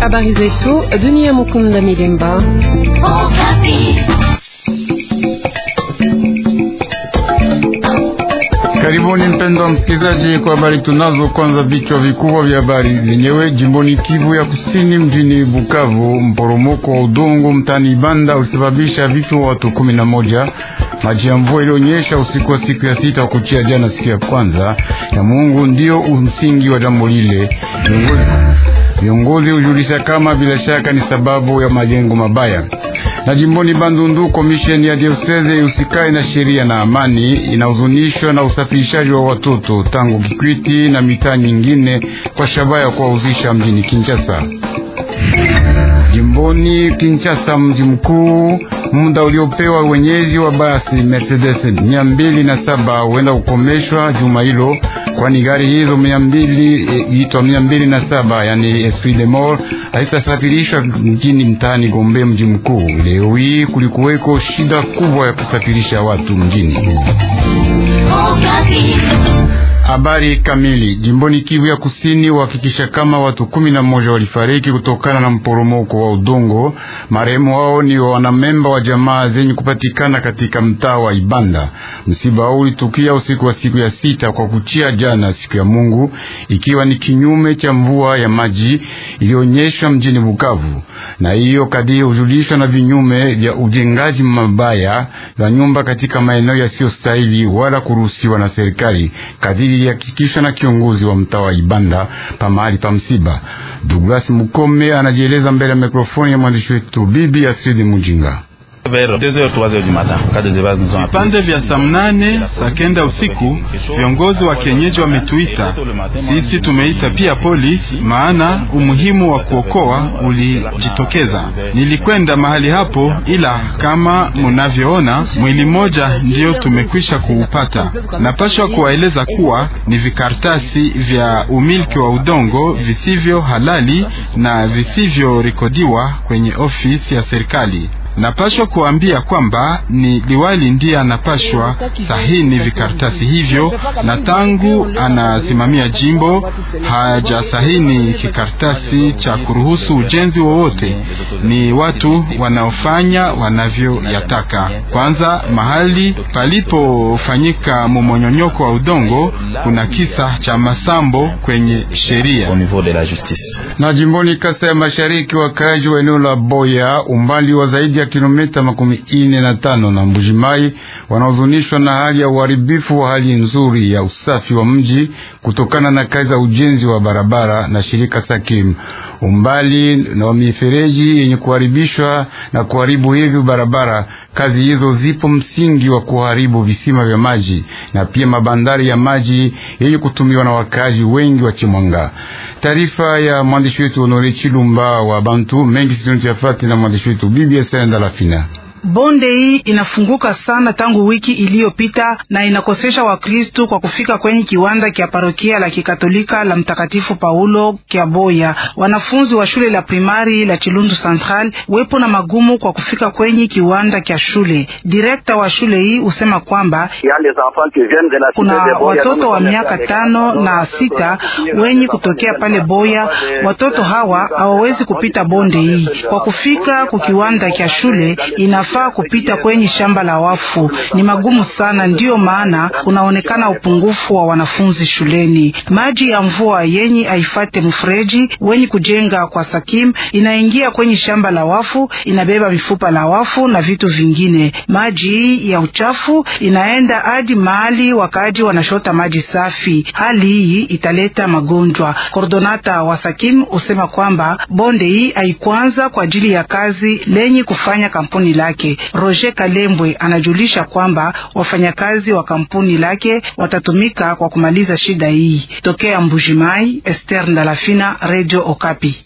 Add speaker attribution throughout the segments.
Speaker 1: Habari zetu dunia. Mukunda Milemba.
Speaker 2: Karibuni mpendwa msikilizaji, kwa habari tunazo. Kwanza vichwa vikubwa vya habari zenyewe. Jimboni Kivu ya Kusini, mjini Bukavu, mporomoko wa udongo mtani Ibanda ulisababisha vifo watu kumi na moja Maji ya mvua ilionyesha usiku wa siku ya sita wa kuchia jana, siku ya kwanza ya Mungu, ndio msingi wa jambo lile. Viongozi hujulisha kama bila shaka ni sababu ya majengo mabaya. Na jimboni Bandundu, komisheni ya dioseze ihusikaye na sheria na amani inahuzunishwa na usafirishaji wa watoto tangu Kikwiti na mitaa nyingine kwa shabaha ya kuwahuzisha mjini Kinshasa. Jimboni Kinshasa, mji mkuu, muda uliopewa wenyezi wa basi Mercedes mia mbili na saba huenda kukomeshwa juma hilo, kwani gari hizo mia mbili itwa mia mbili na saba yani Esprit de Mort haitasafirishwa mjini mtaani Gombe, mji mkuu. Leo hii kulikuweko shida kubwa ya kusafirisha watu mjini. Oh, Habari kamili jimboni Kivu ya Kusini wahakikisha kama watu kumi na moja walifariki kutokana na mporomoko wa udongo. Marehemu wao ni wanamemba wa jamaa zenye kupatikana katika mtaa wa Ibanda. Msiba huu ulitukia usiku wa siku ya sita kwa kuchia jana, siku ya Mungu, ikiwa ni kinyume cha mvua ya maji iliyonyesha mjini Bukavu, na hiyo kadiri hujulishwa na vinyume vya ujengaji mabaya wa nyumba katika maeneo yasiyostahili wala kuruhusiwa na serikali kadiri ilihakikishwa na kiongozi wa mtaa wa Ibanda pa mahali pa msiba. Douglas Mukome anajieleza mbele ya mikrofoni ya mwandishi wetu Bibi Asridi Mujinga.
Speaker 3: Vipande vya saa mnane saa kenda usiku viongozi wa kienyeji wametuita sisi, tumeita pia polisi, maana umuhimu wa kuokoa ulijitokeza. Nilikwenda mahali hapo, ila kama munavyoona mwili mmoja ndiyo tumekwisha kuupata. Napashwa kuwaeleza kuwa ni vikartasi vya umiliki wa udongo visivyo halali na visivyorekodiwa kwenye ofisi ya serikali. Napashwa kuambia kwamba ni liwali ndiye anapashwa sahini vikaratasi hivyo, na tangu anasimamia jimbo hajasahini kikaratasi cha kuruhusu ujenzi wowote. Ni watu wanaofanya wanavyoyataka. Kwanza, mahali palipofanyika mumonyonyoko wa udongo kuna kisa cha masambo kwenye sheria.
Speaker 2: Na jimboni kasa ya Mashariki, wakaaji wa eneo la Boya umbali wa zaidi kilomita makumi ine na tano na Mbujimai wanaozunishwa na hali ya uharibifu wa hali nzuri ya usafi wa mji kutokana na kazi za ujenzi wa barabara na shirika Sakim. Umbali na wamifereji mifereji yenye kuharibishwa na kuharibu hivyo barabara, kazi hizo zipo msingi wa kuharibu visima vya maji na pia mabandari ya maji yenye kutumiwa na wakaaji wengi wa Chimwanga. Taarifa ya mwandishi wetu Honore Chilumba wa Bantu mengi sisi yafati na mwandishi wetu bibi Senda a la final.
Speaker 4: Bonde hii inafunguka sana tangu wiki iliyopita na inakosesha Wakristu kwa kufika kwenye kiwanda kya parokia la kikatolika la Mtakatifu Paulo kya Boya. Wanafunzi wa shule la primari la Chilundu Central wepo na magumu kwa kufika kwenye kiwanda kya shule. Direkta wa shule hii husema kwamba
Speaker 5: kuna watoto wa miaka tano na sita wenye
Speaker 4: kutokea pale Boya. Watoto hawa hawawezi kupita bonde hii kwa kufika kukiwanda kya shule ina inafaa kupita kwenye shamba la wafu. Ni magumu sana, ndiyo maana unaonekana upungufu wa wanafunzi shuleni. Maji ya mvua yenye aifate mfreji wenye kujenga kwa Sakim inaingia kwenye shamba la wafu, inabeba mifupa la wafu na vitu vingine. Maji ya uchafu inaenda hadi mahali wakaaji wanashota maji safi. Hali hii italeta magonjwa. Kordonata wa Sakim usema kwamba bonde hii haikuanza kwa ajili ya kazi lenye kufanya kampuni lake wake. Roger Kalembwe anajulisha kwamba wafanyakazi wa kampuni lake watatumika kwa kumaliza shida hii. Tokea Mbujimai, Esther Ndalafina, Radio Okapi.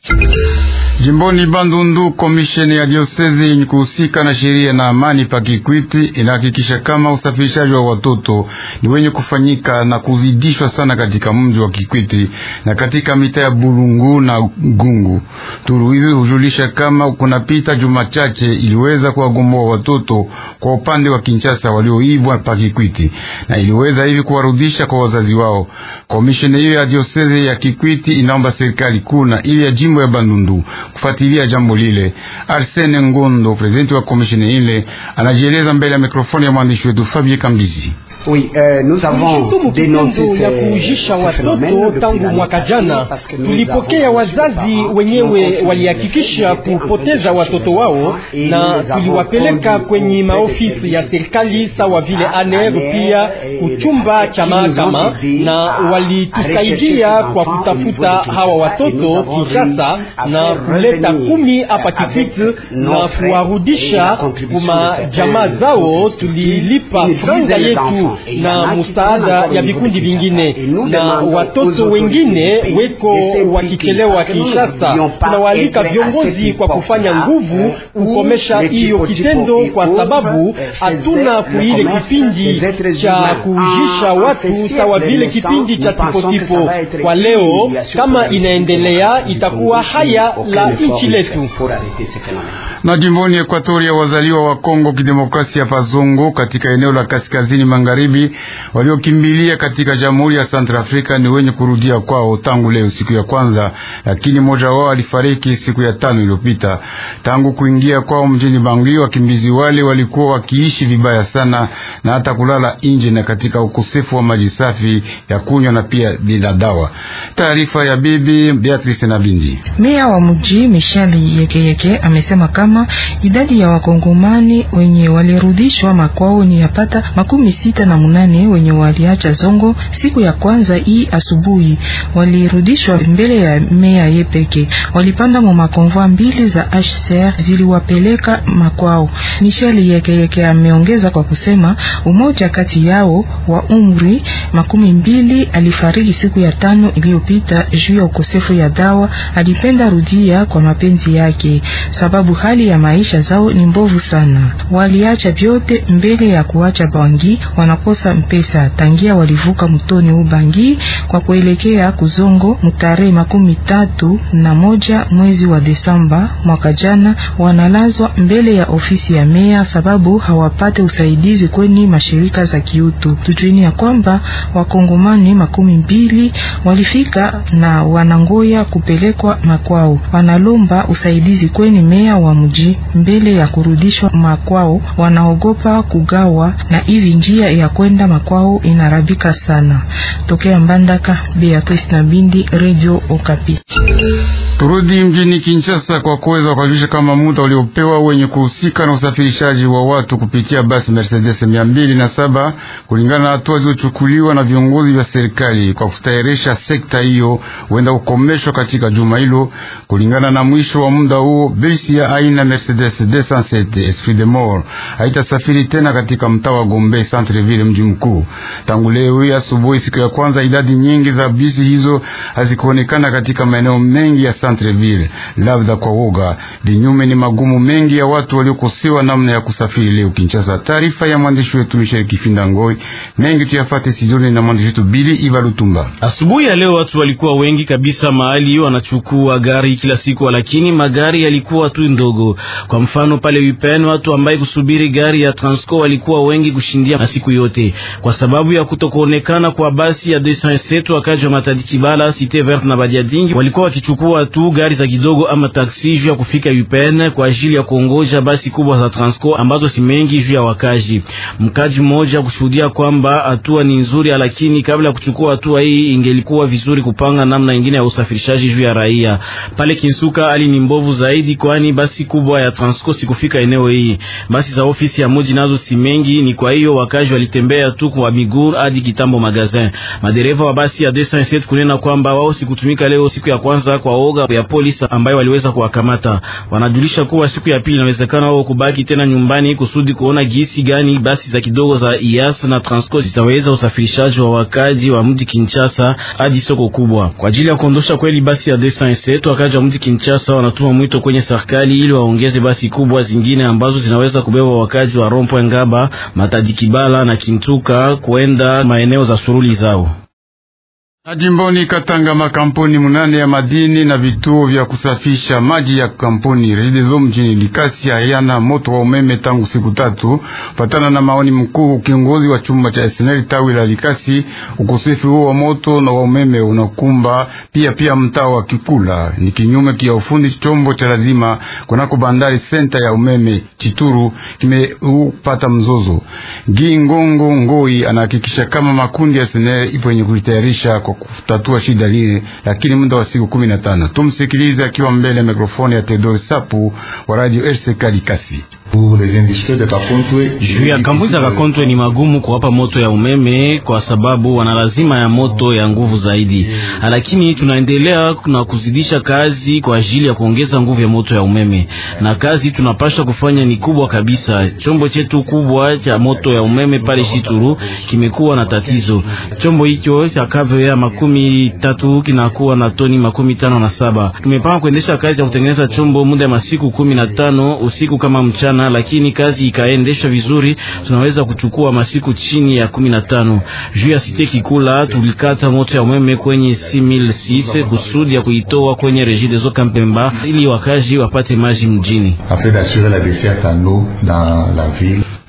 Speaker 2: Jimboni Bandundu, komisheni ya diosezi yenye kuhusika na sheria na amani pa kikwiti inahakikisha kama usafirishaji wa watoto ni wenye kufanyika na kuzidishwa sana katika mji wa Kikwiti na katika mita ya Bulungu na Gungu. Turuizi hujulisha kama kunapita juma chache iliweza kuwa kuwakomboa watoto kwa upande wa Kinshasa walioibwa pakikwiti na iliweza hivi kuwarudisha kwa wazazi wao. Komisheni hiyo ya dioseze ya Kikwiti inaomba serikali kuna ili ya jimbo ya Bandundu kufuatilia jambo lile. Arsene Ngondo, presidenti wa komisheni ile, anajieleza mbele ya mikrofoni ya mwandishi wetu Fabie Kambizi.
Speaker 5: Oui, euh, nous avons dénoncé ya kuujisha watoto tangu mwaka jana. Tulipokea wazazi wenyewe walihakikisha kupoteza watoto wao, na tuliwapeleka kwenye maofisi ya serikali sawa vile ANR, pia kuchumba cha mahakama, na walitusaidia kwa kutafuta hawa watoto Kinshasa na kuleta kumi hapa kikwiti na kuwarudisha kuma jamaa zao. Tulilipa franga yetu na musaada ya vikundi vingine, na watoto wengine weko wakichelewa Kinshasa. Tunawaalika viongozi kwa kufanya nguvu kukomesha hiyo kitendo, kwa sababu hatuna kuile kipindi cha kujisha ah, watu ah, sawa vile kipindi cha tipotipo. Kwa leo
Speaker 6: kama inaendelea itakuwa haya la nchi letu.
Speaker 2: Na jimboni Ekwatoria. wazaliwa wa Kongo Kidemokrasia Fazungu katika eneo la kaskazini magharibi magharibi waliokimbilia katika Jamhuri ya africa ni wenye kurudia kwao tangu leo siku ya kwanza, lakini mmoja wao alifariki siku ya tano iliyopita. Tangu kuingia kwao mjini Bangui, wakimbizi wale walikuwa wakiishi vibaya sana na hata kulala nje na katika ukosefu wa maji safi ya kunywa na pia bila dawa. Taarifa ya bibi Beatrice Bindi.
Speaker 1: Meya wa mji Mishali Yekeyeke amesema kama idadi ya wakongomani wenye walirudishwa makwao ni yapata makumi sita na munane wenye waliacha Zongo siku ya kwanza hii asubuhi walirudishwa mbele ya mea ye peke. Walipanda mu makonvoi mbili za HCR ziliwapeleka makwao. Michel Yekeyeke ameongeza kwa kusema umoja kati yao wa umri makumi mbili alifariki siku ya tano iliyopita juu ya ukosefu ya dawa. Alipenda rudia kwa mapenzi yake, sababu hali ya maisha zao ni mbovu sana. Waliacha vyote mbele ya kuacha bangi wana wanakosa mpesa tangia walivuka mtoni Ubangi kwa kuelekea Kuzongo mtarehe makumi tatu na moja mwezi wa Desemba mwaka jana, wanalazwa mbele ya ofisi ya mea sababu hawapate usaidizi kweni mashirika za kiutu. Tujuini ya kwamba wakongomani makumi mbili walifika na wanangoya kupelekwa makwao, wanalomba usaidizi kweni mea wa mji mbele ya kurudishwa makwao, wanaogopa kugawa na hivi njia ya kwenda makwao inarabika sana. Tokea Mbandaka, Beatrice na Bindi, Radio Okapi.
Speaker 2: Turudi mjini Kinshasa kwa kuweza kujulisha kama muda uliopewa wenye kuhusika na usafirishaji wa watu kupitia basi Mercedes mia mbili na saba kulingana na hatua zilizochukuliwa na viongozi vya serikali kwa kustahirisha sekta hiyo huenda kukomeshwa katika juma hilo, kulingana na mwisho wa muda huo. Basi ya aina Mercedes 207 Esprit de Mort haitasafiri tena katika mtaa wa Gombe Centreville ile mji mkuu. Tangu leo hii asubuhi, siku ya kwanza, idadi nyingi za bisi hizo hazikuonekana katika maeneo mengi ya Centreville, labda kwa woga. Vinyume ni magumu mengi ya watu waliokosewa namna ya kusafiri leo Kinshasa. Taarifa ya mwandishi wetu Michel Kifinda Ngoi. Mengi tuyafate Sidoni na mwandishi wetu Bili Iva Lutumba.
Speaker 6: Asubuhi ya leo watu walikuwa wengi kabisa, mahali wanachukua gari kila siku, lakini magari yalikuwa tu ndogo. Kwa mfano pale Wipen, watu ambaye kusubiri gari ya Transco walikuwa wengi kushindia na siku yote yote kwa sababu ya kutokuonekana kwa basi ya 207. Wakaji wa Matadi Kibala, Cite Verte na Badiadingi walikuwa wakichukua tu gari za kidogo ama taksi juu ya kufika UPN kwa ajili ya kuongoja basi kubwa za Transco ambazo si mengi juu ya wakaji. Mkaji mmoja kushuhudia kwamba hatua ni nzuri, lakini kabla ya kuchukua hatua hii ingelikuwa vizuri kupanga namna ingine ya usafirishaji juu ya raia. Pale Kinsuka hali ni mbovu zaidi, kwani basi kubwa ya Transco sikufika eneo hii. Basi za ofisi ya moji nazo si mengi, ni kwa hiyo wakaji wali walitembea tu kwa miguu hadi kitambo magazin. Madereva wa basi ya 207 kunena kwamba wao sikutumika leo siku ya kwanza kwa oga ya polisi ambayo waliweza kuwakamata. Wanajulisha kuwa siku ya pili inawezekana wao kubaki tena nyumbani kusudi kuona gisi gani basi za kidogo za IAS na Transco zitaweza usafirishaji wa wakaji wa mji Kinshasa hadi soko kubwa. Kwa ajili ya kuondosha kweli basi ya 207 wakaji wa mji Kinshasa wanatuma mwito kwenye serikali ili waongeze basi kubwa zingine ambazo zinaweza kubeba wakaji wa Rompo Ngaba, Matadi Kibala na Kintuka kuenda maeneo za suruli zao.
Speaker 2: Jimboni Katanga, makampuni munane ya madini na vituo vya kusafisha maji ya kampuni Regideso mjini Likasi hayana moto wa umeme tangu siku tatu, patana na maoni mkuu kiongozi wa chumba cha SNL tawi la Likasi. Ukosefu huo wa moto na wa umeme unakumba pia pia mtaa wa Kikula, ni kinyume kia ufundi. Chombo cha lazima kunako bandari senta ya umeme Chituru kimeupata mzozo. Gingongo Ngoi anahakikisha kama makundi ya SNL ipo yenye kujitayarisha kwa kutatua shida lile, lakini muda wa siku kumi na tano. Tumsikilize akiwa mbele ya mikrofoni ya Tedor Sapu wa Radio RCK Likasi juu ya kampuni za Kakontwe ni magumu kuwapa moto
Speaker 6: ya umeme kwa sababu wana lazima ya moto ya nguvu zaidi, lakini tunaendelea na kuzidisha kazi kwa ajili ya kuongeza nguvu ya moto ya umeme, na kazi tunapasha kufanya ni kubwa kabisa. Chombo chetu kubwa cha moto ya umeme pale Shituru kimekuwa na tatizo. Chombo hicho cha KVA makumi tatu kinakuwa na toni makumi tano na saba. Tumepanga kuendesha kazi ya kutengeneza chombo muda ya masiku kumi na tano usiku kama mchana sana, lakini kazi ikaendesha vizuri, tunaweza kuchukua masiku chini ya kumi na tano. Juu ya site Kikula tulikata moto ya umeme kwenye simil sise kusudi ya kuitoa kwenye Regideso Kampemba ili wakazi wapate maji mjini.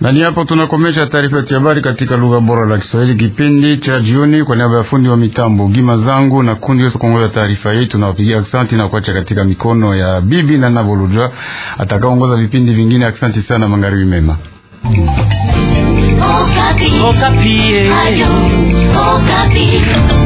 Speaker 2: Na ni hapo tunakomesha taarifa ya habari katika lugha bora la Kiswahili kipindi cha jioni. Kwa niaba ya fundi wa mitambo Gima zangu na kundi lose kuongoza taarifa hii, tunawapigia asante na kuacha katika mikono ya bibi na Nabolujwa atakaongoza vipindi vingine. Asante sana, magharibi mema. Oh,
Speaker 5: Okapi. Okapi. Ayo, Okapi.